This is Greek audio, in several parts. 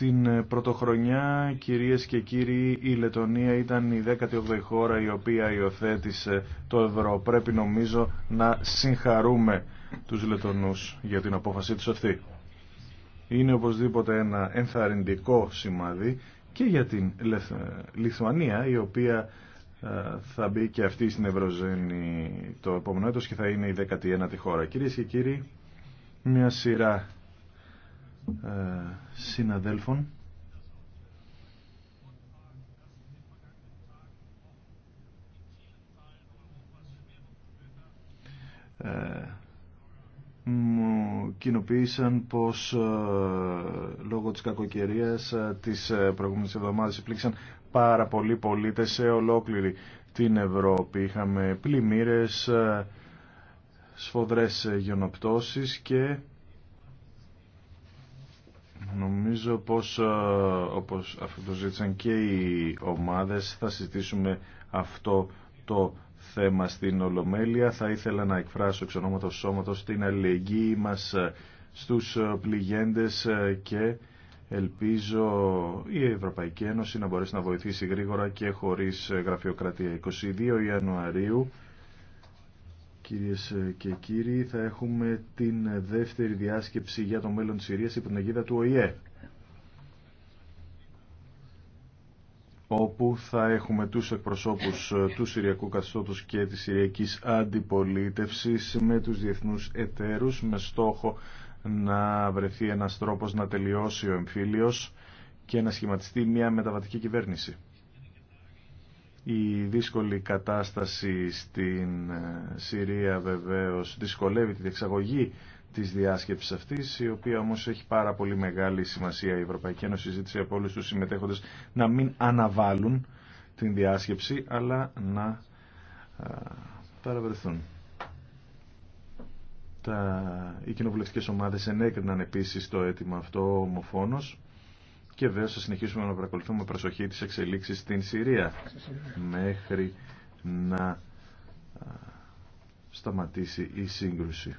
Την ε, πρωτοχρονιά, κυρίες και κύριοι, η Λετωνία ήταν η 18η χώρα η οποία υιοθέτησε το ευρώ. Πρέπει νομίζω να συγχαρούμε τους Λετωνούς για την απόφασή τους αυτή. Είναι οπωσδήποτε ένα ενθαρρυντικό σημάδι και για την ε, Λιθουανία η οποία ε, θα μπει και αυτή στην Ευρωζένη το επόμενο έτος και θα είναι η 19η χώρα. Κυρίες και κύριοι, μια σειρά ε, συναδέλφων ε, μου κοινοποίησαν πως ε, λόγω της κακοκαιρίας της προηγούμενης εβδομάδας υπλήξαν πάρα πολλοί πολίτες σε ολόκληρη την Ευρώπη. Είχαμε πλημμύρες, σφοδρές γενοπτώσεις και Νομίζω πως ε, όπως αυτό το ζήτησαν και οι ομάδες θα συζητήσουμε αυτό το θέμα στην Ολομέλεια. Θα ήθελα να εκφράσω εξ ονόματος σώματος την αλληλεγγύη μας ε, στους ε, πληγέντες και ελπίζω η Ευρωπαϊκή Ένωση να μπορέσει να βοηθήσει γρήγορα και χωρίς γραφειοκρατία. 22 Ιανουαρίου Κυρίες και κύριοι, θα έχουμε την δεύτερη διάσκεψη για το μέλλον της Συρίας υπό την αιγίδα του ΟΗΕ. όπου θα έχουμε τους εκπροσώπους ε, του Συριακού Καθεστώτος και της Συριακής Αντιπολίτευσης με τους διεθνούς εταίρους με στόχο να βρεθεί ένας τρόπος να τελειώσει ο εμφύλιος και να σχηματιστεί μια μεταβατική κυβέρνηση. Η δύσκολη κατάσταση στην ε, Συρία βεβαίως δυσκολεύει τη διεξαγωγή Τη διάσκεψης αυτή, η οποία όμως έχει πάρα πολύ μεγάλη σημασία. Η Ευρωπαϊκή Ένωση ζήτησε από όλου του συμμετέχοντες να μην αναβάλουν την διάσκεψη, αλλά να παραβρεθούν. Τα... Οι κοινοβουλευτικέ ομάδες ενέκριναν επίση το αίτημα αυτό ομοφόνο και βέβαια θα συνεχίσουμε να παρακολουθούμε προσοχή τις εξελίξεις στην Συρία μέχρι να σταματήσει η σύγκρουση.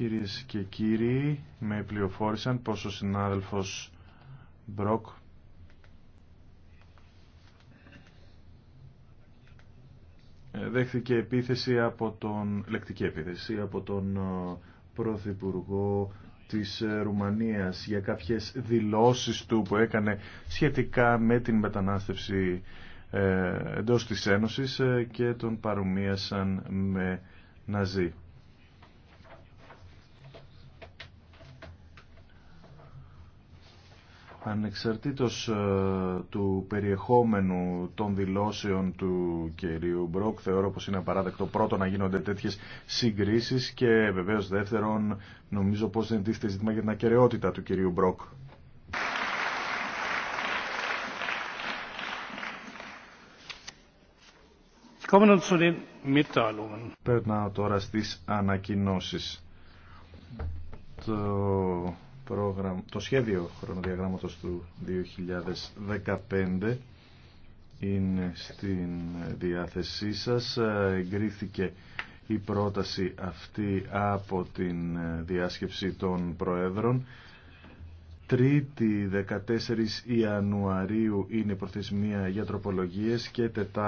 Κυρίες και κύριοι, με πληροφόρησαν πως ο συνάδελφος Μπροκ ε, δέχθηκε επίθεση από τον, λεκτική επίθεση από τον ε, Πρωθυπουργό της ε, Ρουμανίας για κάποιες δηλώσεις του που έκανε σχετικά με την μετανάστευση εντός της Ένωσης και τον παρομοίασαν με Ναζί. Ανεξαρτήτως ε, του περιεχόμενου των δηλώσεων του κυρίου Μπρόκ, θεωρώ πως είναι απαράδεκτο πρώτο να γίνονται τέτοιες συγκρίσεις και βεβαίως δεύτερον νομίζω πως δεν τίθεται ζήτημα για την ακαιρεότητα του κυρίου Μπρόκ. Περνάω τώρα στις ανακοινώσεις. Το πρόγραμμα, το σχέδιο χρονοδιαγράμματος του 2015 είναι στην διάθεσή σας. Εγκρίθηκε η πρόταση αυτή από την διάσκεψη των Προέδρων. Τρίτη 14 Ιανουαρίου είναι προθεσμία για τροπολογίες και τετά